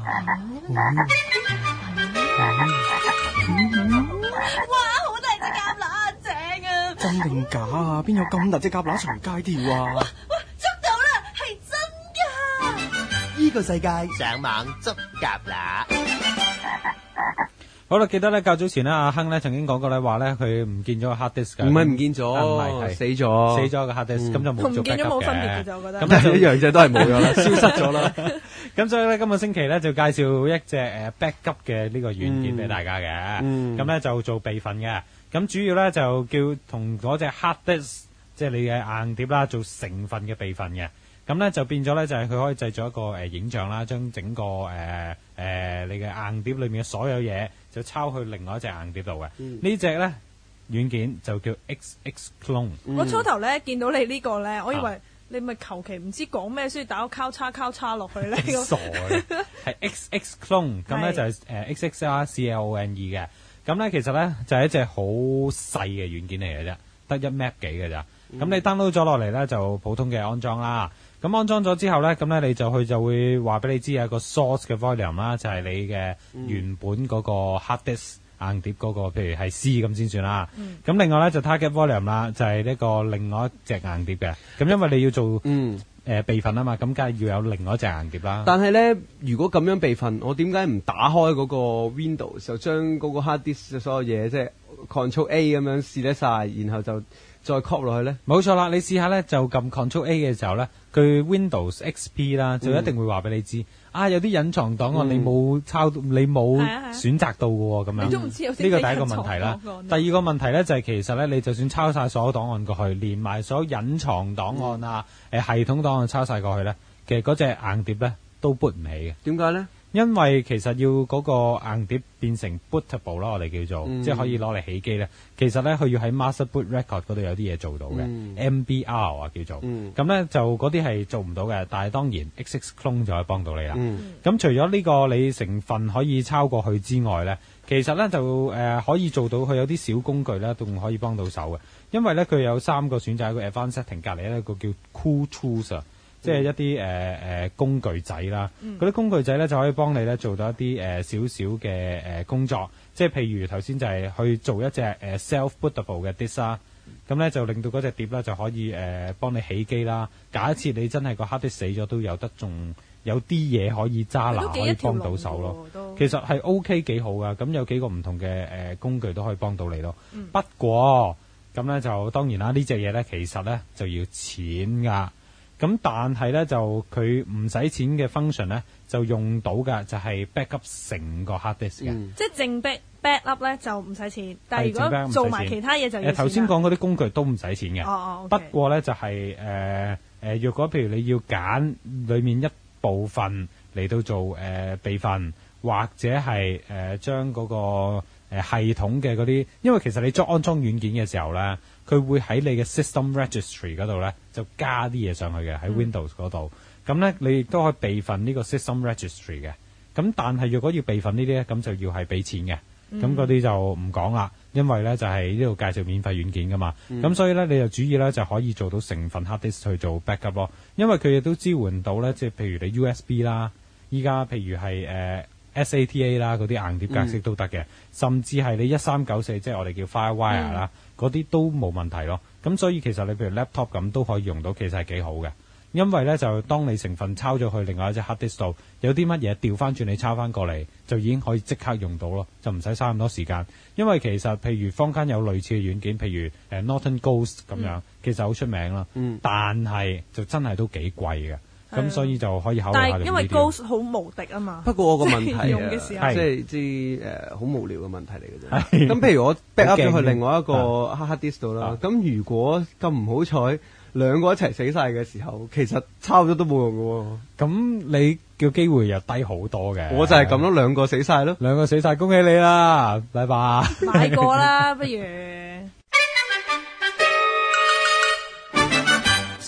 啊嗯嗯、哇！好大隻蛤乸正啊！真定假啊？邊有咁大隻蛤乸隨街跳啊？哇！捉到啦，係真㗎！呢、呢個世界上網捉蛤乸。好啦，記得咧，較早前咧，阿亨咧曾經講過咧，話咧佢唔見咗個 hard disk 嘅，唔係唔見咗、啊，死咗，死咗個 hard disk，咁就同唔見咗冇分別嘅，咁、嗯、就一樣啫，都係冇咗啦，消失咗啦。咁所以咧，今個星期咧就介紹一隻 backup 嘅呢個軟件俾、嗯、大家嘅，咁、嗯、咧就做備份嘅，咁主要咧就叫同嗰隻 hard disk，即係你嘅硬碟啦，做成份嘅備份嘅。咁咧就變咗咧，就係佢可以製造一個影像啦，將整個誒誒、呃呃、你嘅硬碟裏面嘅所有嘢，就抄去另外一隻硬碟度嘅。嗯、隻呢隻咧軟件就叫 X X Clone。嗯、我初頭咧見到你個呢個咧，我以為你咪求其唔知講咩，先打個交叉交叉落去咧。傻，係 X X Clone。咁咧就係 X X R C L O N E 嘅。咁咧其實咧就係一隻好細嘅軟件嚟嘅啫，得一 m a p 幾嘅咋。咁你 download 咗落嚟咧，就普通嘅安裝啦。咁安裝咗之後咧，咁咧你就去就會話俾你知有一個 source 嘅 volume 啦，就係你嘅原本嗰個 hard disk 硬碟嗰、嗰個，譬如係 C 咁先算啦。咁、嗯、另外咧就 target volume 啦，就係、是、呢個另外一隻硬碟嘅。咁因為你要做誒、嗯呃、備份啊嘛，咁梗係要有另外一隻硬碟啦。但係咧，如果咁樣備份，我點解唔打開嗰個 window 就將嗰個 hard disk 嘅所有嘢即係。Ctrl A 咁樣試得晒，然後就再 copy 落去咧，冇錯啦。你試下咧，就撳 Ctrl A 嘅時候咧，佢 Windows XP 啦就一定會話俾你知，嗯、啊有啲隱藏檔案你冇抄，你冇選擇到㗎喎，咁、嗯、樣。啊啊、你有呢個第一個問題啦，第二個問題咧就係其實咧，你就算抄晒所有檔案過去，連埋所有隱藏檔案啊、嗯、系統檔案抄晒過去咧，其實嗰隻硬碟咧都 boot 唔起嘅。點解咧？因為其實要嗰個硬碟變成 bootable 啦，我哋叫做，嗯、即係可以攞嚟起機咧。其實咧佢要喺 master boot record 嗰度有啲嘢做到嘅、嗯、MBR 啊叫做。咁、嗯、咧就嗰啲係做唔到嘅，但係當然 X X clone 就可以幫到你啦。咁、嗯、除咗呢、呢個你成分可以抄過去之外咧，其實咧就、呃、可以做到佢有啲小工具咧仲可以幫到手嘅，因為咧佢有三個選擇，喺個 advanced setting 隔籬呢，個叫 cool tools 啊。即係一啲誒、呃、工具仔啦，嗰、嗯、啲工具仔咧就可以幫你咧做到一啲誒少少嘅誒工作。即係譬如頭先就係去做一隻誒 Self-Bootable 嘅碟啦，咁、呃、咧、嗯、就令到嗰隻碟咧就可以誒、呃、幫你起機啦。假設你真係個黑碟死咗，都有得仲有啲嘢可以揸拿，拿，可以幫到手咯。其實係 OK 幾好㗎。咁有幾個唔同嘅誒、呃、工具都可以幫到你咯、嗯。不過咁咧就當然啦，呢隻嘢咧其實咧就要錢㗎。咁、嗯、但係咧，就佢唔使錢嘅 function 咧，就用到㗎，就係、是、backup 成個 hard disk 嘅、嗯，即係淨 backup 咧就唔使錢。但係如果做埋其他嘢就要錢。頭先講嗰啲工具都唔使錢嘅、哦哦 okay，不過咧就係誒誒，若、呃呃、果譬如你要揀裏面一部分嚟到做誒、呃、備份，或者係誒、呃、將嗰、那個。系統嘅嗰啲，因為其實你裝安裝軟件嘅時候呢，佢會喺你嘅 system registry 嗰度呢，就加啲嘢上去嘅喺 Windows 嗰度。咁、嗯、呢，你亦都可以備份呢個 system registry 嘅。咁但係如果要備份呢啲呢，咁就要係俾錢嘅。咁嗰啲就唔講啦，因為呢就係呢度介紹免費軟件噶嘛。咁、嗯、所以呢，你就主意呢就可以做到成分 hard disk 去做 backup 咯。因為佢亦都支援到呢，即係譬如你 USB 啦，依家譬如係 SATA 啦，嗰啲硬碟格式都得嘅、嗯，甚至係你一三九四，即係我哋叫 FireWire 啦、嗯，嗰啲都冇問題咯。咁所以其實你譬如 laptop 咁都可以用到，其實係幾好嘅。因為呢，就當你成分抄咗去另外一隻 hard disk 度，有啲乜嘢調翻轉你抄翻過嚟，就已經可以即刻用到咯，就唔使嘥咁多時間。因為其實譬如坊間有類似嘅軟件，譬如 Norton Ghost 咁樣、嗯，其實好出名啦、嗯，但係就真係都幾貴嘅。咁、嗯、所以就可以考慮下，但因為高手好無敵啊嘛。不過我個問題啊，即係啲誒好無聊嘅問題嚟嘅啫。咁 譬如我 back up 咗去另外一個 hard disk 度啦。咁、uh, 如果咁唔好彩兩個一齊死晒嘅時候，其實差唔多都冇用嘅喎。咁你叫機會又低好多嘅。我就係咁咯，兩個死晒咯，兩個死晒，恭喜你啦，拜拜。買過啦，不如。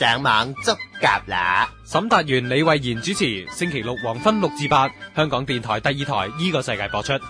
上網捉蛤乸！沈達元、李慧賢主持，星期六黃昏六至八，香港電台第二台《呢個世界》播出。